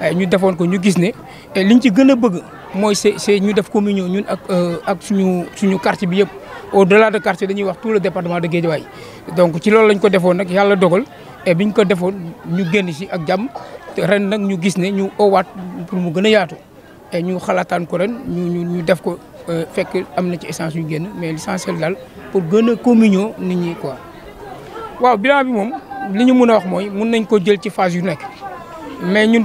Eh, ñu defoon ko ñu gis ne eh, ñu ci gën a bëgg mooy se c'est ñu def communion ñun ak euh, ak suñu suñu quartier bi yëpp au delà de quartier dañuy wax tout le département de waay donc ci loolu lañ ko defoon nag yàlla dogal eh, biñ ko defoon ñu génn si ak jàmm ren nag ñu gis ne ñu owaat pour mu gën a yaatu ñu xalaataan ko ren ñu def ko euh, fekk am na ci essence yu génn mais l'essentiel daal pour gën a communion nit ñi quoi. waaw bilan bi moom li ñu mën a wax mooy mun nañ ko jël ci phase yu nekk mais ñun.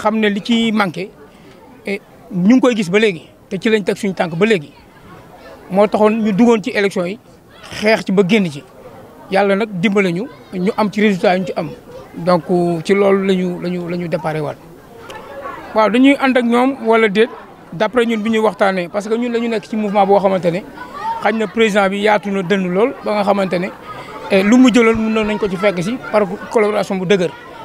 xam ne li ci manqué eh, ñu ngi koy gis ba léegi te ci lañ teg suñu tànk ba léegi moo taxoon ñu duggoon ci élection yi xeex ci ba génn ci yàlla nag dimbale ñu ñu am ci résultat yi ñu ci am donc ci loolu lañu ñu la la ñu déparé waat waaw dañuy ànd ak ñoom wala déet d'après ñun bu ñu waxtaanee parce que ñun la ñu nekk ci mouvement boo xamante ne xañ na président bi yaatu na dënn lool ba nga xamante ne eh, lu mu jëloon mën nañ ko ci fekk si par collaboration bu dëgër.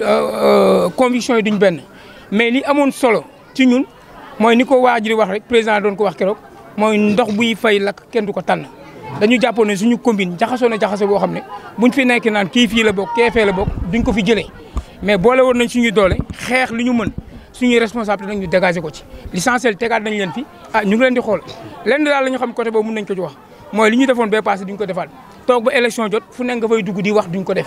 Euh, euh, conviction yi duñ ben mais li amone solo ci ñun moy niko ko wax rek président doon ko wax kérok moy ndox buy fay lak kenn duko tan dañu jappone suñu combine jaxassone jaxasse bo xamné buñ fi nekk naan ki fi la bok kee la bok duñ ko fi jëlé mais bo boole won nañ suñu doolé xeex li ñu mën suñu responsabilité nañ ñu dégager ko ci. l'essentiel tegaat nañ leen fi ah ñu ngi leen di xool lenn daal lañu xam côté bo mun nañ ko ci wax moy li ñu defoon bee passé duñ ko défal tok ba élection jot fu nekk nga fay dugg di wax duñ ko def.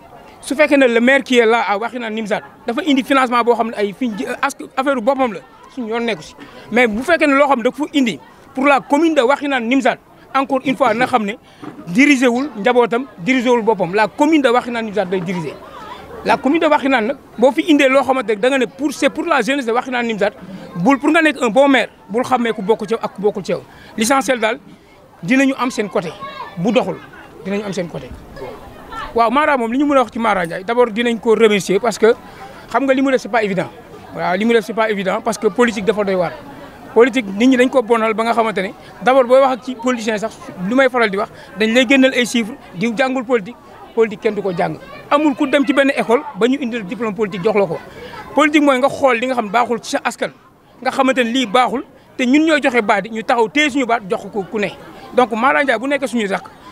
su que le maire qui est là à Wakhinane Nimzatt il indi financement un financement ay la si mais bu pour la commune de Wakhinane Nimzad, encore une fois nous avons dirigé la commune de Wakhinane Nimzat day dirigée. la commune de Wakhinane nag c'est pour la jeunesse de pour nga un bon maire bul ku que ak bokkul nous avons côté bu doxul côté waaw Mara moom li ñu mën a wax ci Mara d'abord dinañ ko remercier parce que xam nga li def c'est pas évident waaw li def c'est pas évident parce que politique dafa doy waar politique nit ñi dañ ko bonal ba nga xamante d'abord booy wax ak ci politicien sax lu may faral di wax dañ lay génnal ay chiffres di jàngul politique politique kenn du ko jàng amul ku dem ci benn école ba ñu indil diplôme politique jox la politique mooy nga xool li nga xam baaxul ci sa askan nga xamante ne lii baaxul te ñun ñoo joxe baat ñu taxaw téye suñu baat jox ko ku ne donc Mara Ndiaye bu nekk suñu rak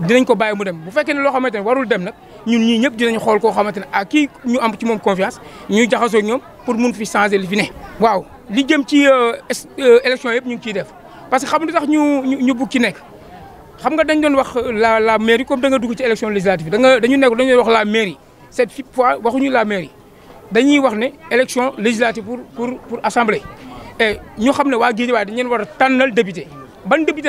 dinañ ko bàyyi mu dem bu fekkee ne loo warul dem nag ñun ñii ñëpp dinañ xool koo xamante ne ah, ñu am ci confiance ñuy pour mun fi changer li fi ne. li jëm ci euh, euh, élection yëpp ñu parce que xam tax ñu ñu la mairie comme da nga élection législative la mairie cette fois la mairie ne élection législative pour pour pour assemblée. et ñu ban député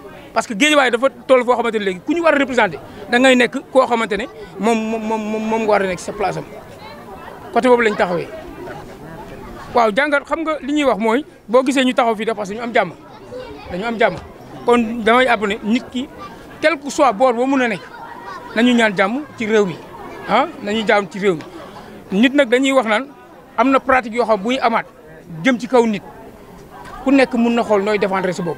parce que Guédiawaye dafa toll fo xamante ne léegi ku ñu war a da ngay nek ko xamante mom mom mom mom wara nek a sa place am côté bobu lañ taxawé waaw jangal xam nga li ñuy wax moy bo gisé ñu taxaw fi dafa parce ñu am jamm dañu am jamm kon damay àpp nit ki quel que soit bor bo mëna nek nekk nañu ñaan jamm ci réew mi han ah, nañu jamm ci réew mi nit nak dañuy wax nan amna pratique yo xam bu ñu amaat jëm ci kaw nit ku nek mëna xol noy défendre sa bopp.